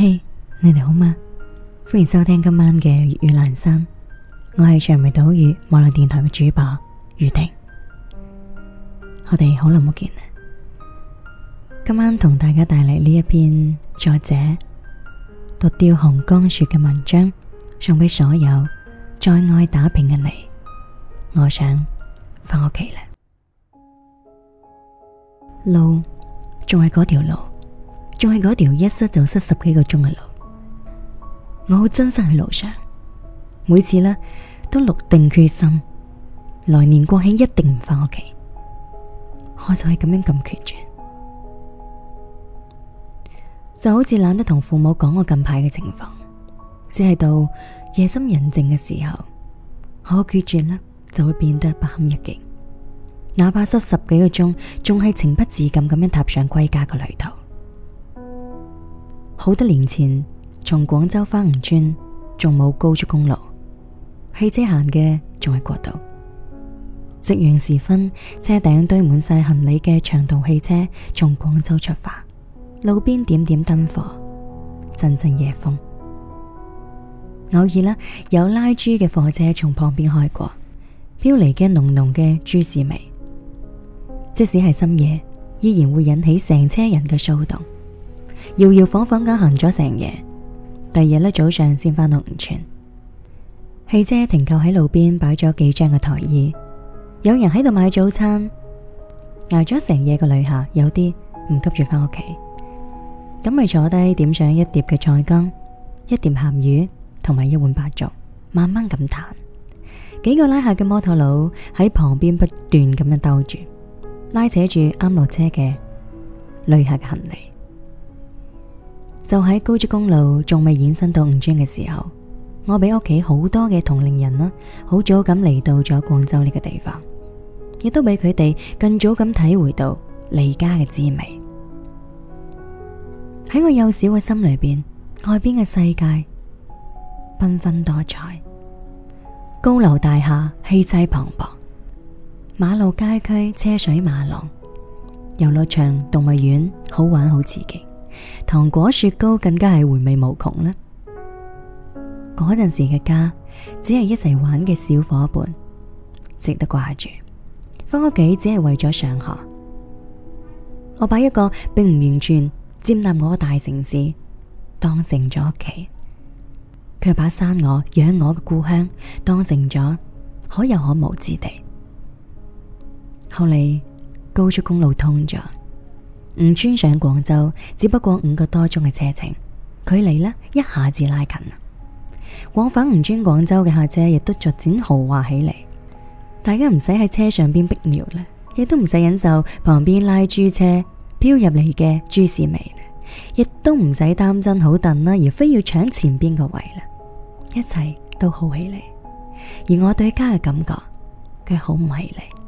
嘿，hey，你哋好嗎？歡迎收聽今晚嘅粵語闌珊，我係長尾島嶼網絡電台嘅主播雨婷。我哋好耐冇見啦，今晚同大家帶嚟呢一篇作者獨釣寒江雪嘅文章，送俾所有在外打拼。嘅你，我想翻屋企啦，路仲係嗰條路。仲係嗰條一塞就塞十幾個鐘嘅路，我好憎塞喺路上，每次呢都落定決心，來年國慶一定唔翻屋企，我就係咁樣咁決絕，就好似懶得同父母講我近排嘅情況，只係到夜深人靜嘅時候，我決絕呢就會變得不堪一擊，哪怕塞十幾個鐘，仲係情不自禁咁樣踏上歸家嘅旅途。好多年前，從廣州返吳川，仲冇高速公路，汽車行嘅仲係國道。夕陽時分，車頂堆滿晒行李嘅長途汽車從廣州出發，路邊點點燈火，陣陣夜風。偶爾啦，有拉豬嘅貨車從旁邊開過，飄嚟嘅濃濃嘅豬屎味，即使係深夜，依然會引起成車人嘅騷動。搖搖晃晃咁行咗成夜，第二日早上先翻到吳川。汽車停靠喺路邊，擺咗幾張嘅台椅，有人喺度買早餐。挨咗成夜嘅旅客有啲唔急住翻屋企，咁咪坐低點上一碟嘅菜乾，一碟鹹魚同埋一碗白粥，慢慢咁嘆。幾個拉客嘅摩托佬喺旁邊不斷咁樣兜住，拉扯住啱落車嘅旅客嘅行李。就喺高速公路仲未延伸到吳川嘅時候，我比屋企好多嘅同齡人啦，好早咁嚟到咗廣州呢個地方，亦都比佢哋更早咁體會到離家嘅滋味。喺我幼小嘅心裏邊，外邊嘅世界繽紛多彩，高樓大廈氣勢磅礴，馬路街區車水馬龍，遊樂場、動物園好玩好刺激。糖果雪糕更加係回味無窮啦！嗰陣時嘅家，只係一齊玩嘅小伙伴，值得掛住。返屋企只係為咗上學。我把一個並唔完全接納我個大城市當成咗屋企，卻把生我養我嘅故鄉當成咗可有可無之地。後嚟高速公路通咗。吳川上廣州，只不過五個多鐘嘅車程，距離呢，一下子拉近了。往返吳川廣州嘅客車亦都逐漸豪華起嚟，大家唔使喺車上邊逼尿啦，亦都唔使忍受旁邊拉豬車飄入嚟嘅豬屎味，亦都唔使擔真好凳啦，而非要搶前邊個位啦，一切都好起嚟。而我對家嘅感覺，佢好唔起嚟。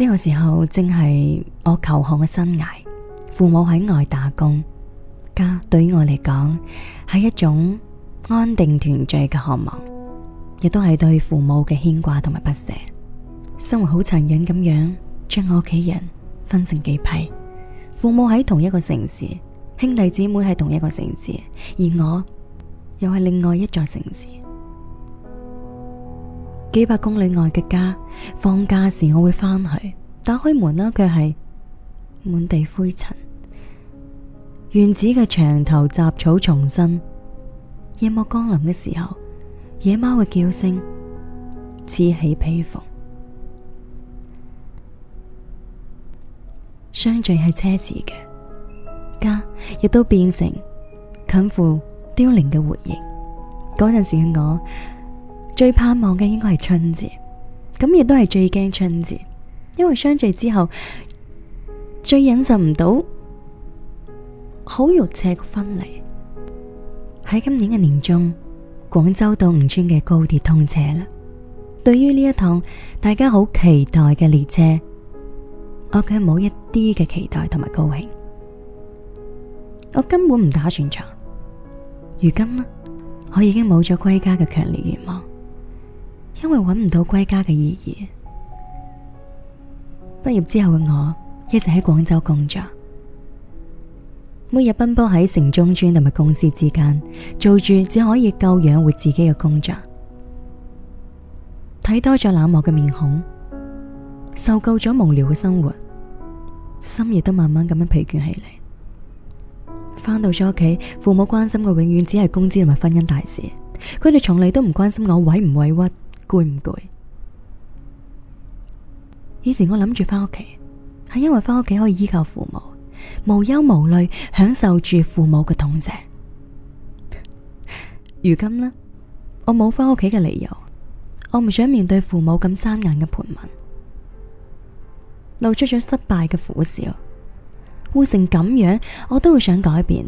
呢個時候正係我求學嘅生涯，父母喺外打工，家對於我嚟講，係一種安定團聚嘅渴望，亦都係對父母嘅牽掛同埋不捨。生活好殘忍咁樣將我屋企人分成幾批，父母喺同一個城市，兄弟姊妹喺同一個城市，而我又係另外一座城市。幾百公里外嘅家，放假時我會返去。打開門啦，卻係滿地灰塵，院子嘅牆頭雜草叢生。夜幕降臨嘅時候，野貓嘅叫聲此起彼伏。相聚係奢侈嘅，家亦都變成近乎凋零嘅回憶。嗰陣時嘅我，最盼望嘅應該係春節，咁亦都係最驚春節，因為相聚之後最忍受唔到好肉赤嘅分離。喺今年嘅年中，廣州到吳川嘅高鐵通車啦。對於呢一趟大家好期待嘅列車，我卻冇一啲嘅期待同埋高興，我根本唔打算坐。如今呢，我已經冇咗歸家嘅強烈願望。因為揾唔到歸家嘅意義，畢業之後嘅我一直喺廣州工作，每日奔波喺城中村同埋公司之間，做住只可以夠養活自己嘅工作，睇多咗冷漠嘅面孔，受夠咗無聊嘅生活，心亦都慢慢咁樣疲倦起嚟。翻到咗屋企，父母關心嘅永遠只係工資同埋婚姻大事，佢哋從嚟都唔關心我委唔委屈。攰唔攰？以前我諗住翻屋企，係因為翻屋企可以依靠父母，無憂無慮，享受住父母嘅痛錫。如今呢，我冇翻屋企嘅理由，我唔想面對父母咁生硬嘅盤問，露出咗失敗嘅苦笑。活成咁樣，我都會想改變。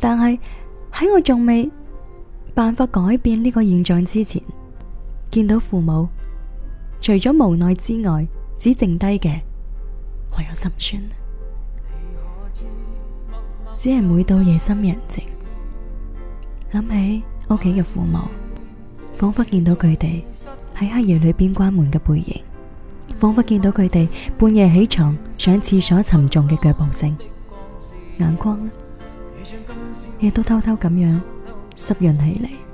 但係喺我仲未辦法改變呢個現狀之前，見到父母，除咗無奈之外，只剩低嘅唯有心酸。只係每到夜深人靜，諗起屋企嘅父母，仿佛見到佢哋喺黑夜裏邊關門嘅背影，仿佛見到佢哋半夜起床上廁所沉重嘅腳步聲，眼眶呢亦都偷偷咁樣濕潤起嚟。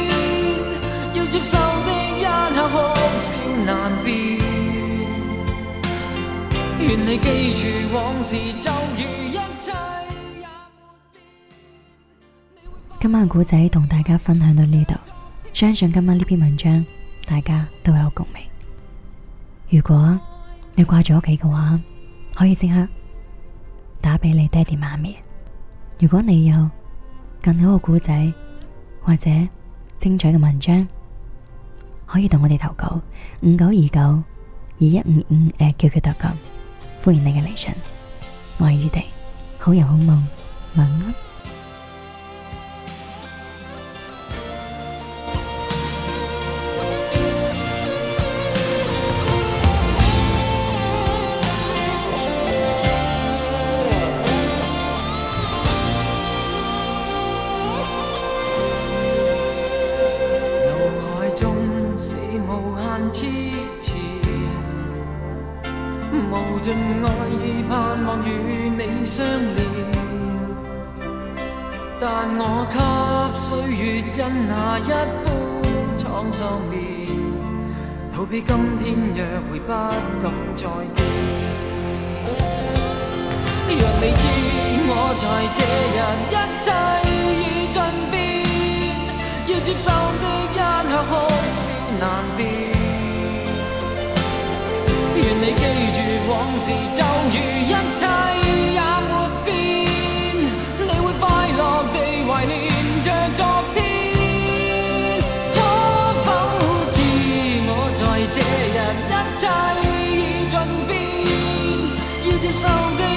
接受的一刻，哭笑難辨。願你記住往事，就如一切，也沒變。今晚古仔同大家分享到呢度，相信今晚呢篇文章大家都有共鳴。如果你掛住屋企嘅話，可以即刻打俾你爹哋媽咪。如果你有更好嘅古仔或者精彩嘅文章，可以同我哋投稿五九二九二一五五 @QQ.com，歡迎你嘅嚟信。我係雨迪，好人好夢，晚安。無盡愛意，盼望與你相連，但我給歲月因那一幅創傷面，逃避今天約會不敢再見。若你知我在這日一切已盡變，要接受的一刻哭笑難辨。往事就如一切也沒變，你會快樂地懷念着昨天。可否替我在這日一切已盡變？要接受的。